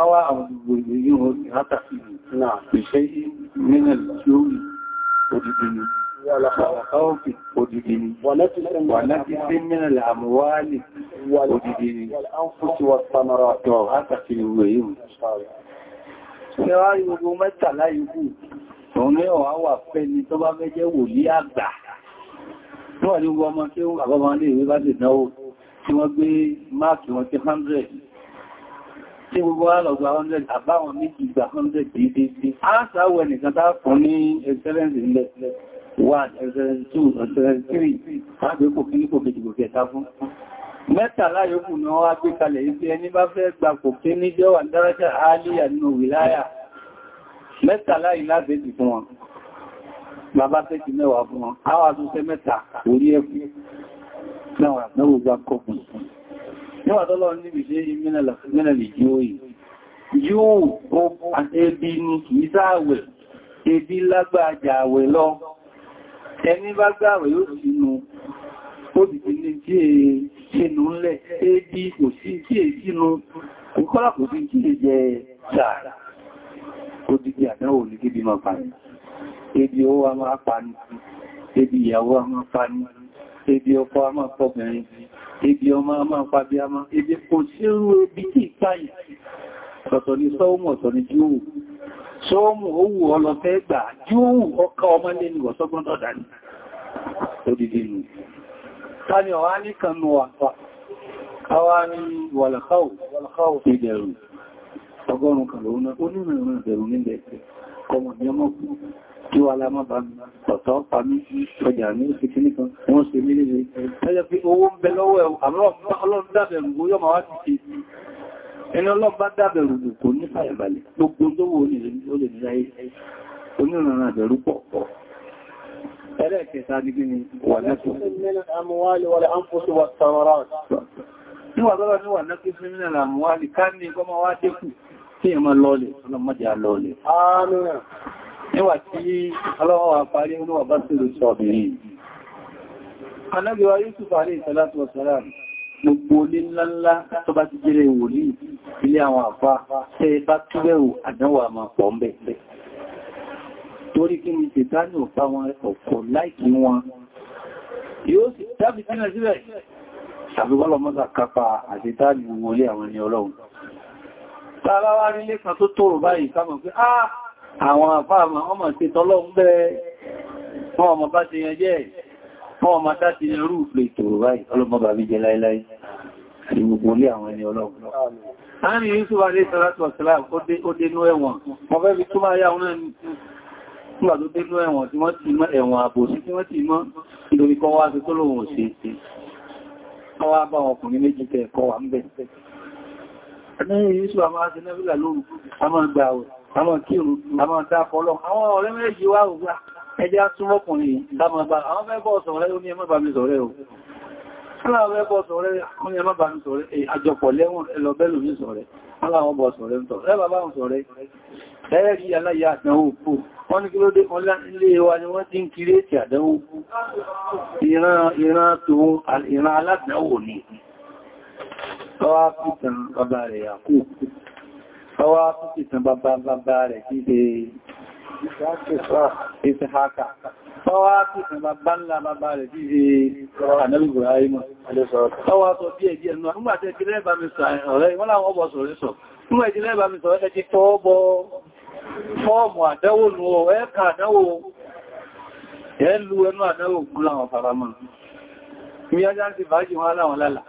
àwọ́ àwọn gbogbo ìyí wọn látàkì náà ìṣẹ́ mílẹ̀ lórí òdìdì ni Wàláfíṣẹ́ òdìdì ni, wàláfíṣẹ́ mílẹ̀ l'àmúwálì òdìdì ni, Òun ní wà fẹ́ ni tó bá mẹ́jẹ́ wò ní àgbà. Tó wà ní gbogbo ọmọ tí ó àbọ́mọ lè rí bá lè náwó tí wọ́n gbé máàkì wọn tí 100. Tí gbogbo alọ́gbà 100 àbáwọn méjì gbà 100 dédédé. A sáwọ̀ ẹnìkan tá fún ní excellence ilẹ̀ 1, excellence 2, excellence 3, láti kò kí ní kò kejì ni wọ́n wá gbé kalẹ̀ ibi ẹni bá fẹ́ gbà kò kí ní jẹ́wà dárájà áálíyà nínú wìláyà mẹ́tàlá ìlàbẹ̀ẹ́sì fún wọn bàbá tẹ́kì mẹ́wàá fún wọn àwọn àtúnṣẹ́ mẹ́ta orí ẹkù náà náà gbogbo akọ́kùn níwà tọ́lọ́ níbi ṣe mẹ́nàlì jíòyì yóò kó ebi ní kìí sáàwẹ̀ ebi lágbàájà àwẹ̀ lọ ẹni bá gbàwẹ̀ yóò sínú ó sì ti ní tí è sínú ńlẹ̀ ebi kò sí tí è sínú kò kọ́lá kò sí tí è jẹ sàárà tó dídí àdáwò ní kíbi máa pa ní ebi owó a máa pa ní ebi ìyàwó a máa pa ní ebi ọkọ a máa pọ̀bìnrin ebi ọmọ a máa pa bí a máa ebi kò sírú ebi tí ìpáyì ọ̀tọ̀ ni sọ́ọ̀mù ọ̀tọ̀ ni júù sọ́ọ̀mù owó ọlọ́fẹ́ gbà júù ọkà ọmọ lé ọgọ́rùn kan lòun náà ó ní ìrìnrìn ìbẹ̀rù nílẹ̀ ẹ̀kẹ́ ọmọ ní ọmọ kú tí wà lámọ́ bá mi ọ̀tọ́ pa mí ọjà ní ìfìtí nìkan wọ́n ṣe mí léle ẹjọ́ pé owó ń bẹ lọ́wọ́ ọlọ́run dábẹ̀rù yọ́ ma wá ti ṣe ẹni ọlọ́run bá dábẹ̀rù kò ní fàyàbalẹ̀ gbogbo tó wò ní olè níláyé onírànà àbẹ̀rù pọ̀ pọ̀ ẹlẹ́ẹ̀kẹta ní gíní wà lẹ́kọ̀ọ́ níwà tọ́lọ́ níwà lẹ́kọ̀ọ́ tí ìmọ̀ lọ́lẹ̀ ọlọ́mọdé alọ́lẹ̀. níwà tí ọlọ́wọ́ àparí inú ọba sílù sọ obìnrin anábíwá Yusuf alẹ́ ìsọ́látù ọ̀sọ́lá gbogbo olé ńláńlá tó bá ti jẹ́rẹ ìwòlí ilé àwọn àpá tẹ́ bá túbẹ̀wò àdánwò àmà pọ̀ ń bẹ̀ torí kí ni tètánì òpá wọn ọ̀pọ̀ láìkí wọn yóò sì dábì sínú ẹ̀sílẹ̀ ṣàbíwọ́lọ̀ mọ́ta kápa àtètánì ìwòlé àwọn ẹni ọlọ́run tàbá wá nílé kan tó tòrò báyìí kámọ̀ pé á ah, àwọn àfáàmà ọmọ sí tọ́lọ́ ń bẹ́ wọn ọmọ bá ti yẹn jẹ́ wọn ọmọ dá ti yẹn rúùfẹ́ tòrò báyìí ọlọ́mọ bàbí jẹ láíláí àti gbogbo ilé àwọn ẹni ọlọ́run láàrin Yusuf alẹ́ ìsọ́látọ̀ ìsọ́lám ó dénú ẹ̀wọ̀n wọ́n fẹ́ fi túnmà yá wọn nígbà tó dénú ẹ̀wọ̀n tí wọ́n ti mọ́ ẹ̀wọ̀n àbò sí tí wọ́n ti mọ́ ọkùnrin méjì tẹ́ wà ń bẹ̀ Lẹ́yìn Yíṣù a máa ṣe nẹ́bílà lóòrùn, a máa gbà àwẹ̀, a máa kírun, a máa dápọ̀ lọ. Àwọn ọ̀rẹ́ méjì wá ògbà ẹjẹ́ súnmọ́kùnrin dámọ́ bá àwọn fẹ́ bọ́ sọ̀rẹ́ ó ní ẹmọ́ bá mi sọ̀rẹ́ o. Àwọn fẹ́ bọ́ sọ̀rẹ́ ó ní ẹmọ́ bá mi sọ̀rẹ́ àjọpọ̀ lẹ́wọ̀n ẹlọ́bẹ́lù mi sọ̀rẹ́. Àwọn bọ́ sọ̀rẹ́ ń tọ̀. Ẹ bàbá ń sọ̀rẹ́. Ẹ̀rẹ́ rí aláyà àdánwò kú. Wọ́n ní kí ti kiri ètì àdánwò Ìran aládánwò ni ọwá pìtàn bàbá rẹ̀ yàkú ọwá pìtàn bàbá bàbá rẹ̀ kí ṣe ìṣẹ́háka ọwá pìtàn bàbá ńlá bàbá rẹ̀ kí ṣe ànẹ́lùgbò àìmọ̀ ọwá sọ bí ẹ̀dí ẹ̀nù àmúgbàtẹ́ ìpínlẹ̀ bá mi sọ ọ̀rẹ́ ìwọ́n láwọn ọbọ̀ sọ̀rẹ́ sọ fọ́ọ̀mù àdánwò nù ọ ẹ́kà àdánwò ẹ̀lú ẹnu àdánwò gúnláwọn faramọ́ mi ajá ń ti bàájì wọn aláwọn lálàá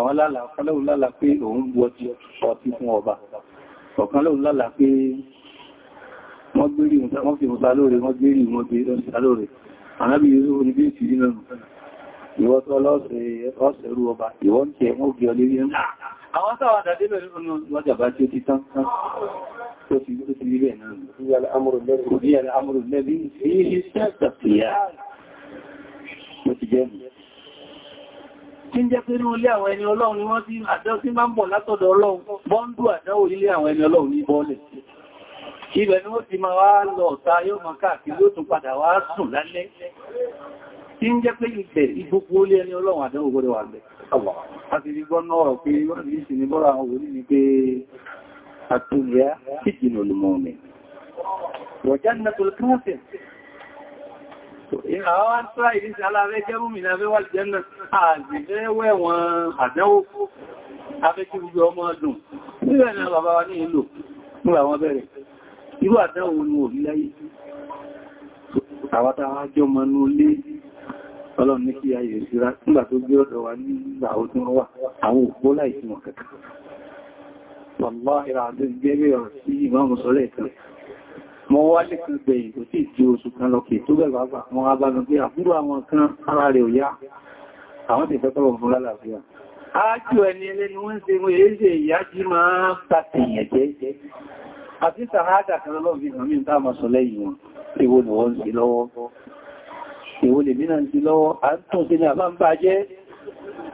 ọ̀kan lálàá ọ̀kan lálàá pé òun bu ọtí ọtí fún ọba ọ̀kan lálàá pé wọ́n gbérí wọ́n fi mọ̀ta lóòrè wọ́n gbérí wọ́n gbé lọ́sìta lóòrè ànábì yóò ní bí ìtì nínú ìwọ́ tó lọ́sẹ̀ rú ọba ìwọ́ ń tẹ wọ́n gbé ọ lérí ẹ̀mù àwọn sáwà dàdé lórí ọ̀nà lọ́jà bá tí ó ti tán rí tí ń jẹ́ pé ní ilé àwọn ẹni ọlọ́run ni wọ́n tí àjọ tí máa ń bọ̀ látọ̀dọ̀ ọlọ́run bọ́ndù àdáwò ilé àwọn ẹni ọlọ́run ní bọ́ọ̀lẹ̀ ibẹ̀ ni ó ti máa wá lọ ọ̀ta yóò máa káàkiri ó tún padà wá sùn lálẹ́ tí ń jẹ́ pé ìgbẹ̀ ìgbogbo olé ẹni ọlọ́run àdáwò gbọ́dọ̀ wà lẹ̀ àti ti gbọ́nà ọ̀rọ̀ pé wọ́n ti sì ní bọ́ra àwọn ni pé àtúnyà tìjìnà olùmọ̀ mi Àwọn àṣírá ìrísí aláàrẹ jẹ́ múmìnà fẹ́wà jẹ́ náà, àdìfẹ́wẹ́ wọn àdẹ́wò afẹ́kí gbogbo ọmọ ọdún. Nígbẹ̀ ni bàbá wa ní ìlò, mú àwọn bẹ̀rẹ̀. Irú àdẹ́wò ni òbí láyé. Àwátá ajọ́ mọ́ ní olé Ọlọ́run ní kí ayè ìṣirá nígbà tó gbé ọ̀dọ̀ wa nígbà ó tún wà àwọn òpó láìsí wọn kẹta. Wàlá ìrà àdé gbẹ́gbẹ́ ọ̀rọ̀ sí ìmọ̀ ìtàn mo wá lè kan gbẹ̀yìn kò sí ìjú oṣù kan lọ tó bẹ̀rẹ̀ wọn a bá àfúrú àwọn kan ara rẹ̀ ò yá àwọn ti fẹ́ tọ́rọ fún lálàáfíà ájú ẹni ẹlẹ́ni wọ́n ṣe mú èéṣe ìyájí máa tàtẹ̀yẹ̀ jẹ́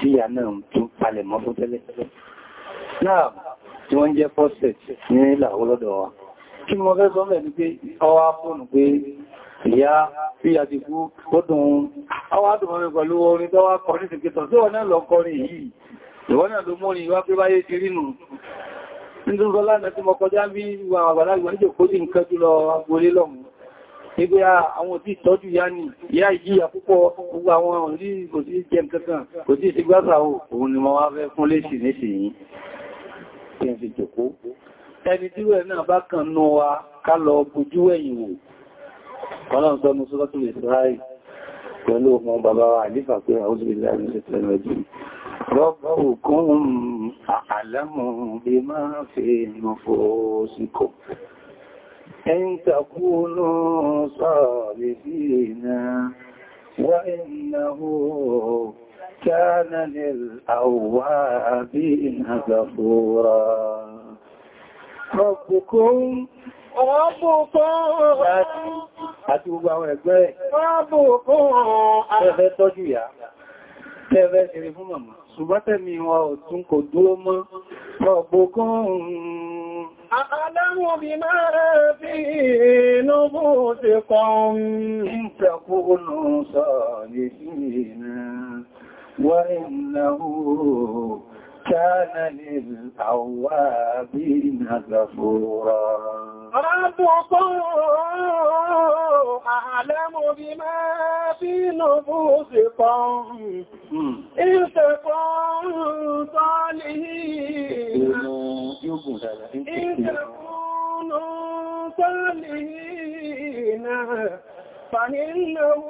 tí ìyá náà tún palẹ̀ mọ́ fún tẹ́lẹ̀ náà tí wọ́n jẹ́ fọ́sẹ̀t ní ìlàwó lọ́dọ̀ wa kí ni mo fẹ́ sọ mẹ́rin pé ọwá fóònù pé ìyá bí a ti kú ó dùn ọwá dùn mọ́ mi pẹ̀lú orin tó wá kọ ní ìsìnkítọ̀ tí wọ́n náà lọ kọrin yìí ìwọ́n náà ló mórin wá pé Ẹgbẹ́ àwọn òtí ìtọ́jú yá ní ìyá ìyíyà púpọ̀ gbogbo àwọn òní kò sí jẹ kankan, kò sí ti gbásà òun ni mo wá fẹ́ fún léṣì léṣì yìí. Kí n fi jòkó. Ẹni tí wẹ̀ náà bá kàn nú wa ká lọ bojú ẹ̀yìn إن تكونوا صالحين وإنه كان للأوابين غفورا ربكم ربكم àti gbogbo àwọn ẹgbẹ́ rọ́bùkún ẹ̀fẹ́ tọ́jú أعلم بما في نفوسكم إن تكونوا صالحين وإنه كان للأوابين غفورا ربكم أعلم بما في نفوسكم إن تكون صالحين إن تكونوا صالحين فإنه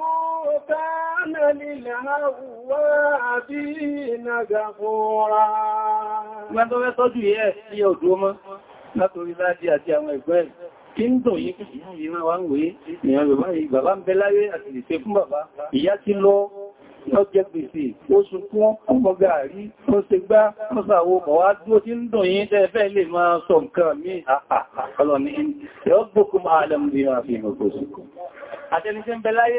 كان للأوابين غفورا. Wọ́n tó fẹ́ tọ́jú yẹ́ sí ọdún mọ́ látorí láti àti àwọn ẹ̀gbọ́n ẹ̀ kí ń dùn yí kìí ìran wa ń wèé ìyàn Yorùbá yìí bàbá ń bẹ láyé àti lè ṣe fún bàbá ìyá ti lọ lọ́jẹ́ gbèsè ó sunkún ọmọ gàárí ó ṣe gbá ó sàwọ ọ̀wá dúó tí ń dùn yí tẹ́ẹ̀fẹ́ lè máa sọ nǹkan mí ọlọ́ni ẹ̀ọ́ gbókún alẹ́mùdíra fi hàn gbòsùkú àtẹnisẹ́ ń bẹ láyé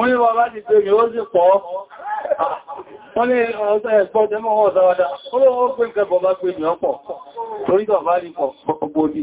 wọ́n ní wọ́n bá ti pé mi ó sì pọ̀ wọ́n ní ọ̀sẹ̀ ẹ̀pọ̀ jẹmọ́ wọ́n sáwádá ó lọ́wọ́ pé ń kẹfọ́ bá pé mi ọ̀pọ̀ torí bá rí pọ̀ gbogbo dì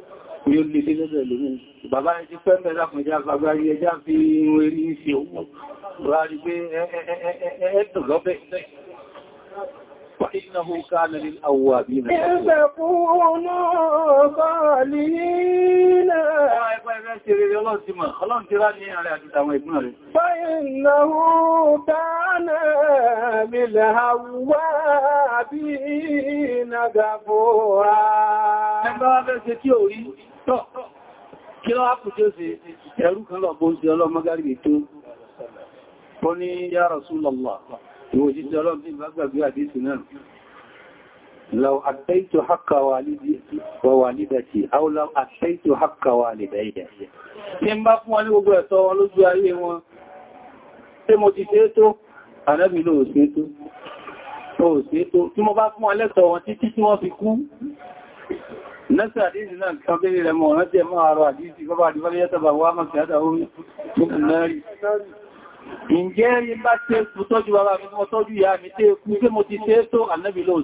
ní ó lè lẹ́lẹ́lẹ́ lónìí bàbá ẹjí pẹ́ mẹ́ta fún ẹjá fagbárí fi irun erí ìṣẹ́ òun rárí pé ẹ́ẹ̀tọ̀ lọ́bẹ̀ Ìnáhù káàlẹ̀ ní àwọ̀ àbí ilẹ̀. Ẹgbẹ̀ ẹgbẹ̀ ṣe rere ọlọ́run mọ̀, ọlọ́run rá ní ààrẹ àti àwọn rẹ̀. Bá káàlẹ̀ mílẹ̀ àwọ̀ àbí ìrìn tọ́ kí lọ́wọ́ kùjọ́ sí ẹ̀rù kan lọ bó ń sí ọlọ́mọ́gárí tó kọ́ ní ya Rasulullah ìwòjíṣẹ́ ọlọ́mọ́ bí gbàgbàgbé àdísì náà لو أديت حق والدي ووالدتي أو لو أديت حق والدي Tin bá fún wọn ní gbogbo ẹ̀tọ́ wọn lójú ayé wọn, tí mo ti ṣe tó, ànábì ló ò ṣe bá fún wọn wọn títí tí wọ́n fi kú, Nasa àdíjì náà kan bí rẹ̀ mọ̀ rántí ẹmọ́ àrọ̀ àdíjì bọ́bá àdíwọ́lé yẹ́tàbà wà máa kìí àtàwó náàrí. Ǹjẹ́ rí bá tí ó tọ́jú bàbá mi mọ́ tọ́jú ìyá mi tí kú pé mo ti ṣe é tó ànábì lóò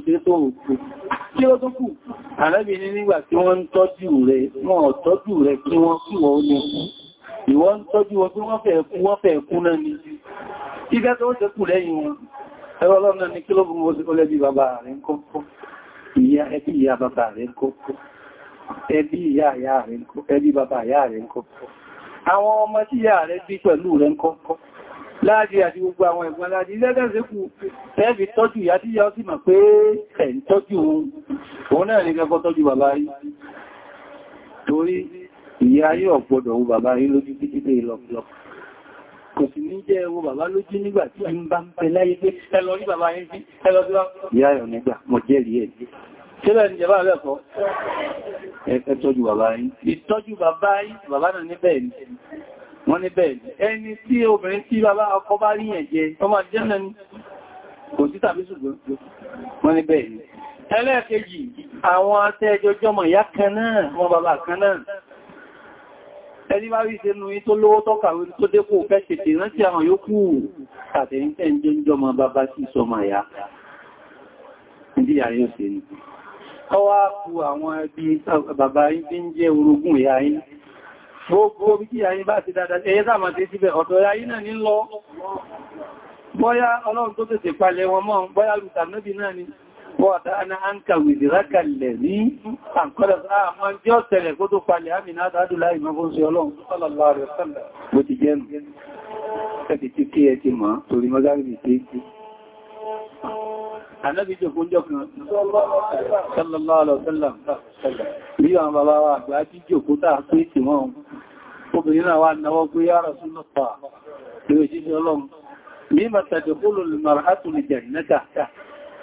Ìwọ́n tọ́jú wọn wọ́n fẹ́ kú, wọ́n fẹ́ kú náà ni. Ìgbẹ́ tó ṣe kù lẹ́yìn wọn, ẹ̀rọ ọlọ́run ni kí ló bú mo ṣe bàbá rẹ̀ ń kọ́kọ́. Ìyá ẹbí ìyá bàbá rẹ̀ ń kọ́kọ́ ẹbí ìyá ìyá rẹ̀ ńkọ́ ẹbí bàbá ìyá rẹ̀ ńkọ́ àwọn ọmọ tí ìyá rẹ̀ bí pẹ̀lú rẹ̀ ńkọ́ láàájí àti gbogbo àwọn ẹ̀gbọ́n láàájí lẹ́gbẹ̀ẹ́sẹ́kù tẹ́ẹ̀fì tọ́jú ìyá tí yọ́ sí mọ̀ pé ẹ̀ ń tọ́jú òun náà ní kẹ́kọ́ tọ́jú bàbá rí torí ìyá yóò gbọ́dọ̀ wo bàbá rí lójú títí pé lọ́pọ̀lọ́ kò sì ní jẹ́ wo bàbá lójú nígbà tí ń bá ń pẹ láyé pé ẹ lọ rí bàbá yín sí ẹ lọ sí Kílẹ̀ ni jẹba rẹ̀ kọ́? Ẹ tọ́jú bàbá yìí. Ìtọ́jú bàbá yìí, bàbá ní bẹ́ẹ̀ ni. Wọ́n ní bẹ́ẹ̀ ni. Ẹni tí obìnrin tí bàbá ọkọ bá rí yẹn jẹ, ọmọ àjẹ́ náà ni. Kò sí tàbí ṣùgbọ́n. Wọ́n ní bẹ́ẹ̀ ni. Ẹlẹ́ẹ̀kejì, àwọn atẹ́jọjọmọ̀ ìyá kan náà, wọn bàbá kan náà. Ẹni bá rí ìṣẹ́nu yí ọwá kú àwọn ẹbí bàbá yìí tí ń jẹ́ orogún ìyá yìí gbogbo bí kí ayé bá ti dáadáa ẹyẹ sáàmà tí síbẹ̀ ọ̀dọ̀ ayé náà ní lọ bọ́yá ọlọ́run tó tètè palẹ̀ wọn mọ́ bọ́yá lùtànẹ́bì náà ni bọ́ọ̀dá ana an kàwì ìdírákàlẹ̀ ní àkọ́lẹ̀ àwọn jẹ́ ọ̀tẹ̀lẹ̀ kó tó palẹ̀ àmìnà àdádùlá ìmọ́gbóǹsẹ̀ ọlọ́run sallallahu alaihi wasallam bó Ànábì jòkó sallallahu alaihi wasallam bí àwọn bàbá wa àgbà tí jòkó tàà pé tí wọ́n obìnrin náà wà náwọ́ pé ya Rasulullah lórí òjíṣẹ́ ọlọ́run bí mẹ́ta jòkólò lè mara hátù lè jẹ̀ nẹ́ta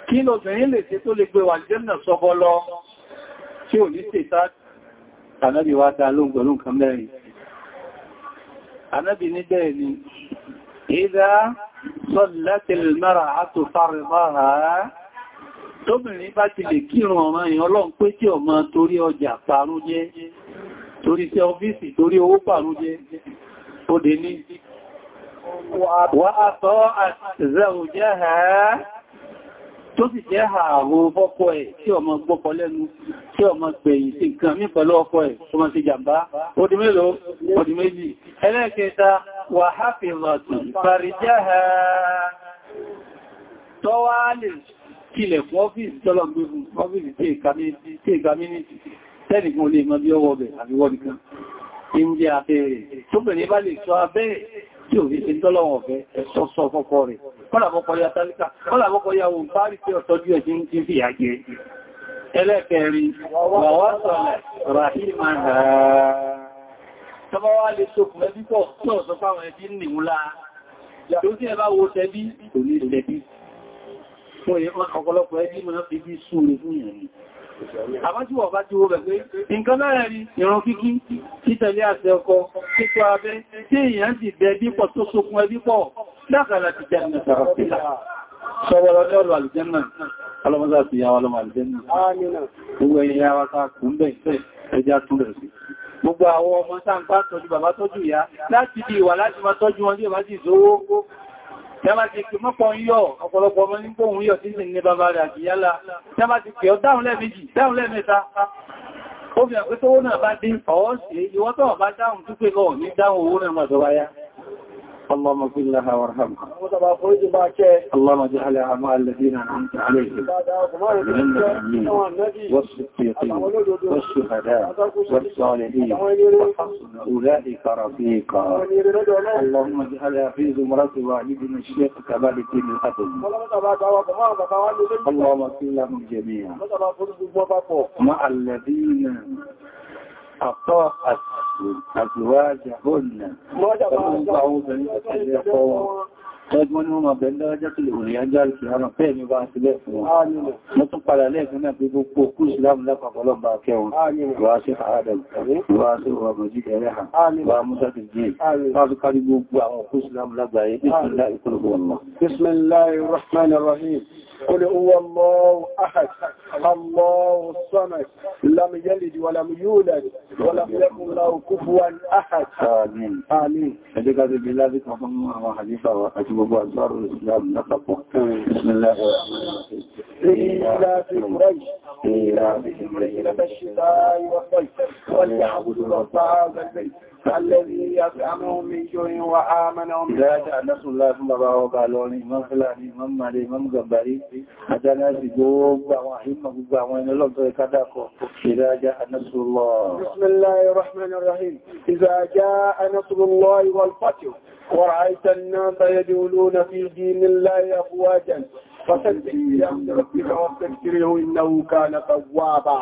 kí lóbìnrin lè ṣe صلت المرأة فرضها tóbìnrin bá ti lè kírun ọ̀ràn èèyàn lọ́n pé tí ọmọ torí ọjà parun jẹ́ torí sí ọfíìsì torí owó parun jẹ́ ó dé ní wà àtọ́ àti zẹ́ òjẹ́ ẹ̀ẹ́ tó sì jẹ́ ààrùn fọ́pọ̀ ẹ̀ tí ọmọ gbọ́pọ̀ lẹ́nu tí ọmọ gbẹ̀yìn sí nǹkan mí pẹ̀lú ọkọ̀ ẹ̀ tó máa ti jàmbá odi mélòó odi méjì ẹlẹ́ẹ̀kẹta wà háfìrọ̀tì fàríjáha tọ́wàá lè kílẹ̀ fún ọ́fíìsì tọ́lọ̀ gbẹ́fún ọ́fíìsì tí ìkàmínítì tẹ́nìkan lè mọ́ bí ọwọ́ bẹ̀ tí ò fi ṣe tọ́lọ́wọ̀n ẹ̀sọ́sọ́ fọ́kọ́ rẹ̀ kọ́làbọ́kọ́ ya tálíkà kọ́làbọ́kọ́ ya ohun parí tí ọ̀tọ́jú ti fi àjẹ́ ẹlẹ́kẹ̀ẹ́rin wàwásọ̀lẹ̀ wá lè Àbájúwọ̀ bá ti wo bẹ̀gbé, nǹkan lára rí ìran kíkí, títẹ̀lé àṣẹ ọkọ, títọ́ abẹ́, tí èèyàn ti bẹ bípọ̀ tó sókun ẹbí pọ̀, lákàlá ti jẹ́ ìrìnà sàrọ̀pìlà. Sọ́wọ́lọ́ lọ́rọ̀ àlùjẹ́nà, alọ́mọ́sá ti yà wà lọ́mọ àlùjẹ́nà. Gbogbo ẹ̀yà wa ta kùn bẹ̀ ẹjá túnbẹ̀ sí. Gbogbo àwọn ọmọ sáà ń bá tọ́jú bàbá tọ́jú ìyá láti bí ìwà láti máa tọ́jú wọn ní ìbájì ìṣòwò Tẹ́bá ti kì mọ́pọ̀ ń yọ ọ̀pọ̀lọpọ̀ ọmọ ní kóhun yọ tí ní bàbá rẹ̀ àti yálà. ti kì ọ dáhùn lẹ́ẹ̀mejì, dáhùn lẹ́ẹ̀mẹ́ta. Ó fi àpé náà bá dín ọ̀ọ́ sí, ìwọ́tọ̀ bá dáhùn túpé lọ ní dáhùn owó náà mọ̀ اللهم اغفر لها وارحمها اللهم اجعلها مع الذين انعمت عليهم من النبيين والصديقين والشهداء والصالحين وحسن اولئك رفيقا اللهم اجعلها في زمرة والدنا الشيخ كمال الدين القدم اللهم اغفر لهم جميعا مع الذين اطاعت àtìwájàhónà Ẹgbọ́n ni wọ́n máa bẹ̀rẹ̀ lọ́jọ́ tó lè wọ̀n ìyá jẹ́ àrùkì àrùn fẹ́ ní bá ti lẹ́ fún wọn. Mọ́ tún padà lẹ́ẹ̀kan náà pé gbogbo kú ìsìlámù lápapọ̀ lọ́gbà kẹwọn, wà sí àádọ́m, wà sí wà mọ̀jí ẹ̀rẹ́hà, wà músà ti jí, wà fi kárí gbogbo àwọn kú قل هو الله أحد الله الصمد لم يلد ولم يولد ولم يكن له كفوا أحد آمين آمين أدقى بالله ذكر الله وحديثة وأجب أزار الإسلام نقبه بسم الله الرحمن الرحيم إلا في قريش إلا في قريش الشتاء والصيف وليعبدوا رب هذا البيت الذي يطعمهم من جوع وآمنهم لا تعلم الله ثم بارك علوني من فلاني من مالي من غباري حتى ناس جوب وهم غبا وين لو كداكو إذا جاء نصر الله بسم الله الرحمن الرحيم إذا جاء نصر الله والفتح ورأيت الناس يدولون في دين الله أفواجا فسبح بحمد ربك واستغفره إنه كان توابا